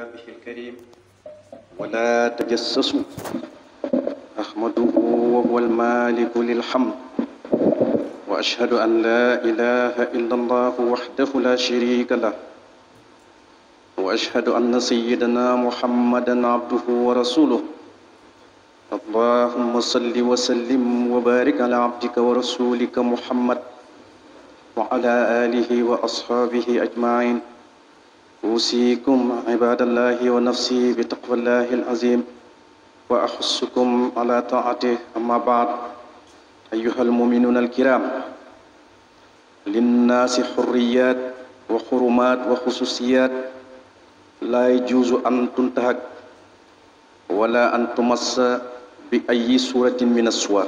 كتابه الكريم ولا تجسسوا أحمده وهو المالك للحمد وأشهد أن لا إله إلا الله وحده لا شريك له وأشهد أن سيدنا محمدا عبده ورسوله اللهم صل وسلم وبارك على عبدك ورسولك محمد وعلى آله وأصحابه أجمعين أوصيكم عباد الله ونفسي بتقوى الله العظيم وأحثكم على طاعته أما بعد أيها المؤمنون الكرام للناس حريات وحرمات وخصوصيات لا يجوز أن تنتهك ولا أن تمس بأي صورة من الصور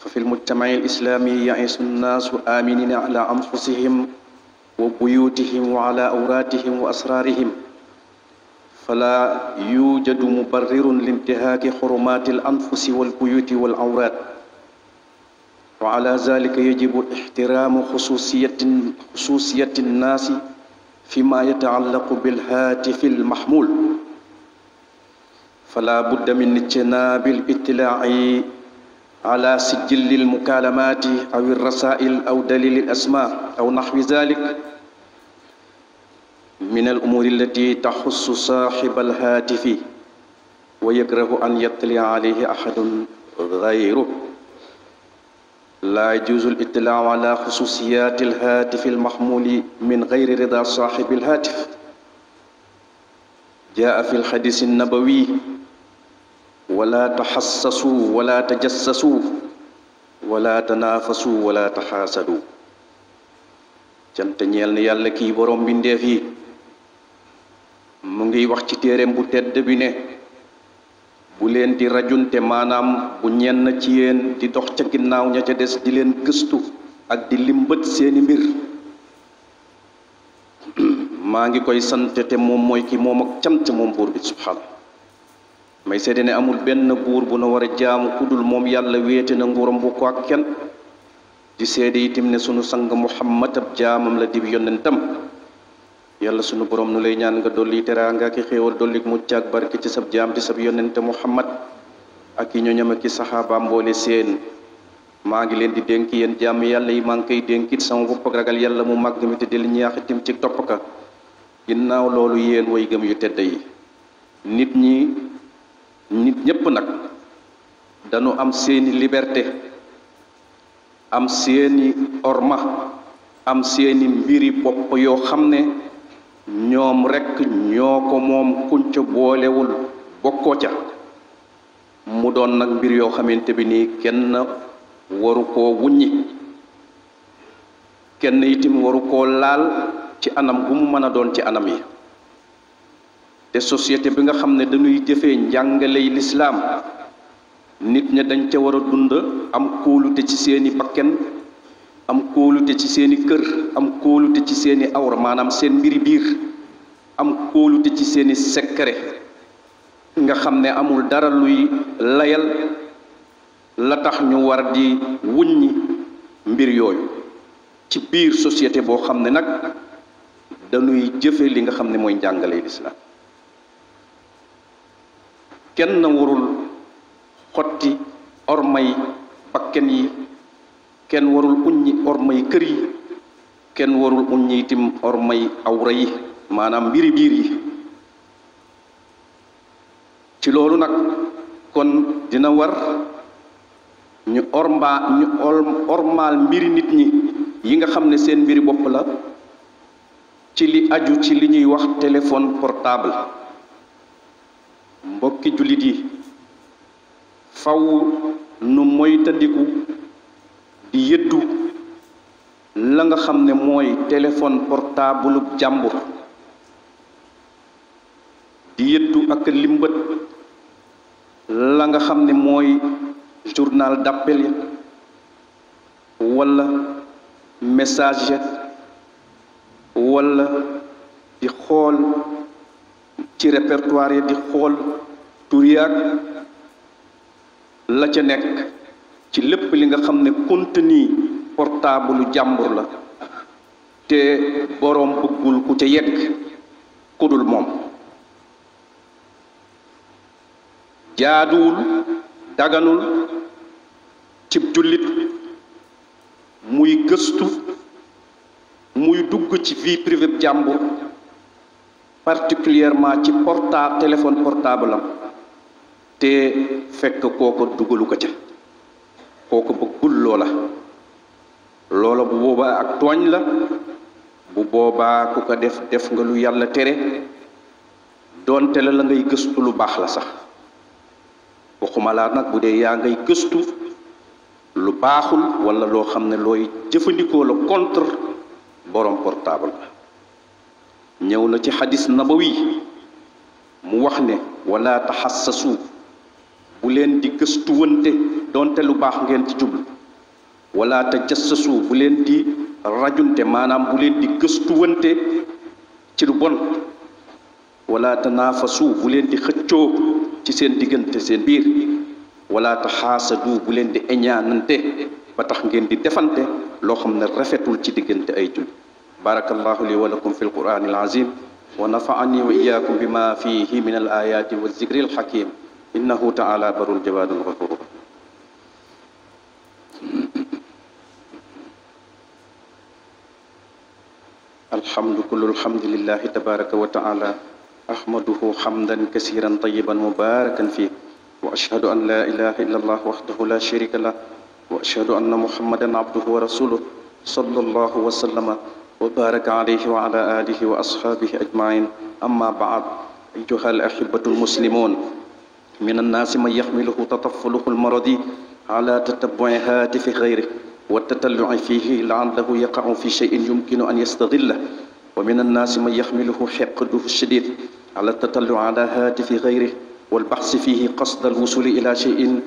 ففي المجتمع الإسلامي يعيش الناس آمنين على أنفسهم وبيوتهم وعلى أوراتهم وأسرارهم فلا يوجد مبرر لانتهاك حرمات الأنفس والبيوت والعورات وعلى ذلك يجب احترام خصوصية, خصوصية الناس فيما يتعلق بالهاتف المحمول فلا بد من اجتناب الاطلاع على سجل المكالمات أو الرسائل أو دليل الأسماء أو نحو ذلك من الأمور التي تخص صاحب الهاتف ويكره أن يطلع عليه أحد غيره لا يجوز الاطلاع على خصوصيات الهاتف المحمول من غير رضا صاحب الهاتف جاء في الحديث النبوي wala taxassasu wala tajassasu wala tanaafasu wala taxaasadu cant ñeel na yàlla kii borom mbindeef yi mu ngi wax ci téereem bu tedd bi ne bu leen di rajunte maanaam bu ñenn ci yéen di dox ca ginnaaw ña ca des di leen gëstu ak di limbët seeni mbir maa ngi koy sante te moom mooy ki moom ak cant moom buur bi subhaana may seede ne amul benn buur bu na war a jaamu kudul moom yàlla wéete na nguuram bu ko ak kenn di seede itam ne sunu sang muhammad ab jaamam la dib yonentam sunu borom nu lay ñaan nga dolli teraanga ki xéewal dolli ak barke ci sab jaam ci sab yonente muhammad ak i ñoñam ak i saxaabaam mboole seen maa ngi leen di dénk yéen jàmm yàlla yi maa ngi koy dénkit sama bopp ragal yàlla mu màgg mi te del ñaaxitim ci topp ka ginnaaw loolu yéen way gëm yu tedd yi nit ñi nit ñépp nag dañu am seeni liberté am seeni orma am seeni mbiri bopp yoo xam ne rek rekk ñoo ko moom kuñ ca boolewul bokkoo ca mu doon nag mbir yoo xamante bi nii kenn waru koo kenn itim waru koo laal ci anam gu mu doon ci anam yi te société bi nga xam ne dañuy jëfee yi lislaam nit ña dañ ca war a dund am kóolute ci seeni bakken am kóolute ci seeni kër am kóolute ci seeni awra maanaam seen mbiri biir am kóolute ci seeni secret nga xam ne amul dara luy layal la tax ñu war di wuññi mbir yooyu ci biir société boo xam ne nag danuy jëfe li nga xam ne mooy njàngale lislaam kenn warul xotti ormay bakken yi kenn warul uññi ormay kër yi kenn warul uññi tim ormay awra yi maanaam biri biir yi ci kon dina war ñu mal ñu ormaal mbiri nit ñi yi nga seen mbiri la ci li aju ci li ñuy wax téléphone portable mbokki jullit yi faw nu moytandiku di yëddu la nga xam ne mooy téléphone portable jàmbur di yëddu ak limbët la nga xam ne mooy journal d'appel ya walla message ya walla di xool ci répertoire ya di xool tur yaag la ca nek ci lépp li nga ne contenu portable jàmbur la te borom bëggul ku ca yegg kudul mom, jaaduwul daganul cib jullit muy gëstu muy dugg ci vie privée jàmbur particulièrement ci porta téléphone portable te fekk koko dugalu ko ca kooko bëggul loola loola bu boobaa ak tooñ la bu boobaa ku ko def def nga lu yàlla tere donte la la ngay gëstu lu baax la sax waxuma laa nag bu dee yaa ngay gëstu lu baaxul wala loo xam ne looy jëfandikoo la contre borom portable ba ñëw na ci xadis nabawi mu wax ne wala bu leen di gëstuwante donte lu baax ngeen ci djublu wala ta jassasu bu leen di rajunte manam bu leen di gëstuwante ci lu bon wala te naafasu bu leen di xëccoo ci seen digënte seen biir wala ta hasadu bu leen di eñaanante ba tax ngeen di defante lo xamne rafetul ci digënte ay djul بارك الله لي ولكم في القرآن العظيم ونفعني وإياكم بما فيه من الآيات والذكر الحكيم إنه تعالى بر الجواد الغفور الحمد كل الحمد لله تبارك وتعالى أحمده حمدا كثيرا طيبا مباركا فيه وأشهد أن لا إله إلا الله وحده لا شريك له وأشهد أن محمدا عبده ورسوله صلى الله وسلم وبارك عليه وعلى آله وأصحابه أجمعين أما بعد أيها الأحبة المسلمون من الناس من يحمله تطفله المرضي على تتبع هاتف غيره والتتلع فيه لعله يقع في شيء يمكن أن يستغله ومن الناس من يحمله حقده الشديد على التطلع على هاتف غيره والبحث فيه قصد الوصول إلى شيء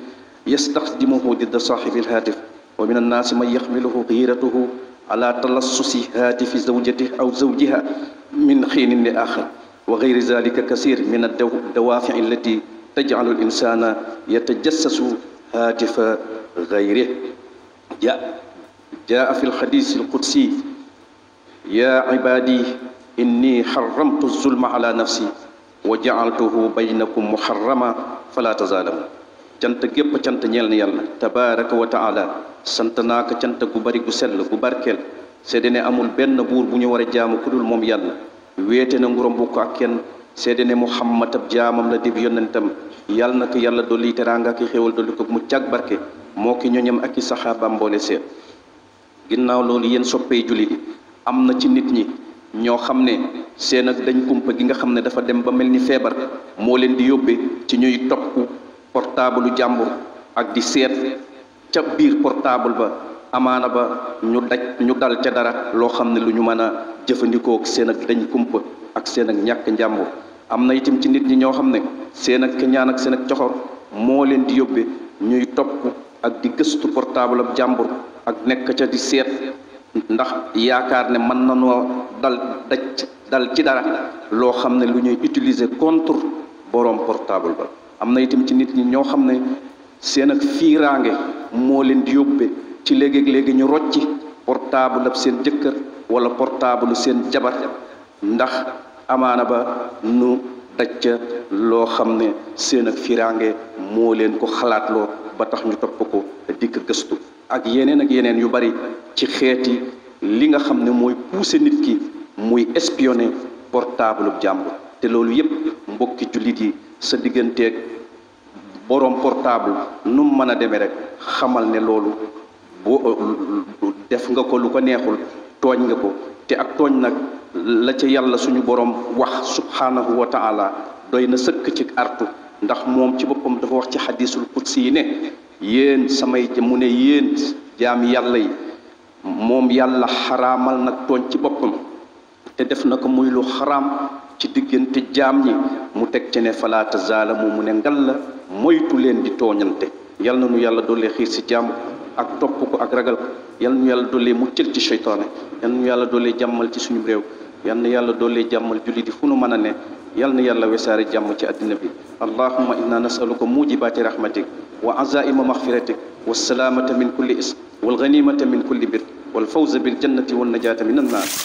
يستخدمه ضد صاحب الهاتف ومن الناس من يحمله غيرته على تلصص هاتف زوجته أو زوجها من حين لآخر وغير ذلك كثير من الدوافع التي تجعل الإنسان يتجسس هاتف غيره جاء, جاء في الحديث القدسي يا عبادي إني حرمت الظلم على نفسي وجعلته بينكم محرما فلا تظالموا جنت جيب جنت نيال نيال تبارك وتعالى سنتناك جنت غبري غسل غباركل سيدنا أمول بن نبور بني ورجام كدول موم يال ويتنا نغرم بوكو أكين seede ne Muhammad ab jaamam la dib yonentam yàlla na ko yàlla dolli teraanga ak xéewal dolli ko mu càgg barke moo ki ñoñam ak i ba mboole seet ginnaaw loolu yéen soppee jullit yi am na ci nit ñi ñoo xam ne seen ak dañ kumpa gi nga xam ne dafa dem ba mel ni feebar moo leen di yóbbee ci ñuy topp portable jàmbur ak di seet ca biir portable ba amaana ba ñu daj ñu dal ca dara loo xam ne lu ñu mën a jëfandikook seen ak dañ kumpa ak seen ak ñàkk njàmbur am na itam ci nit ñi ñoo xam ne seen ak ñaan ak seen ak coxor moo leen di yóbbee ñuy topp ak di gëstu portable ab jàmbur ak nekk di seet ndax yaakaar ne mën na noo dal daj ci dara loo xam ne lu ñuy utiliser contre boroom portable ba am na itam ci nit ñi ñoo xam ne seen ak fiiraange moo leen di yóbbee ci léegi léegi ñu rocci portable ab seen jëkkër wala portable seen jabar ndax amaana ba nu dacca loo xam ne seen ak firange moo leen ko xalaatloo ba tax ñu topp ko dikk këstu ak yeneen ak yeneen yu bari ci xeeti li nga xam ne mooy pousser nit ki muy espionner portable bu jàmbur te loolu yépp mbokki jullit yi sa digganteeg boroom portable nu mu mën a demee rek xamal ne loolu def nga ko lu ko neexul tooñ nga ko te ak tooñ nag la ca yàlla suñu boroom wax subhaanahu wa taala doy na sëkk ci artu ndax moom ci boppam dafa wax ci xadiisul qudsi yi ne yéen samay mu ne yéen jaam yàlla yi moom yàlla xaraamal nag tooñ ci boppam te def na ko muy lu xaraam ci diggante jaam yi mu teg ci ne falaa tazaala mu ne ngal la moytu leen di tooñante yal na nu yàlla doole xiir ci jàmm ak topp ko ak ragal ko yal na nu yàlla doole muccal ci seytaane yal na nu yàlla doole jàmmal ci suñu réew yal na yàlla doole jàmmal julli di fu nu mën a ne yal na yàlla wesaare jàmm ci àddina bi allahuma inna nasaluka mujibaati rahmatik wa azaima maxfiratik wa salaamata min kulli ism wal ganimata min kulli bir wal fawza bil jannati wan najaata min annaar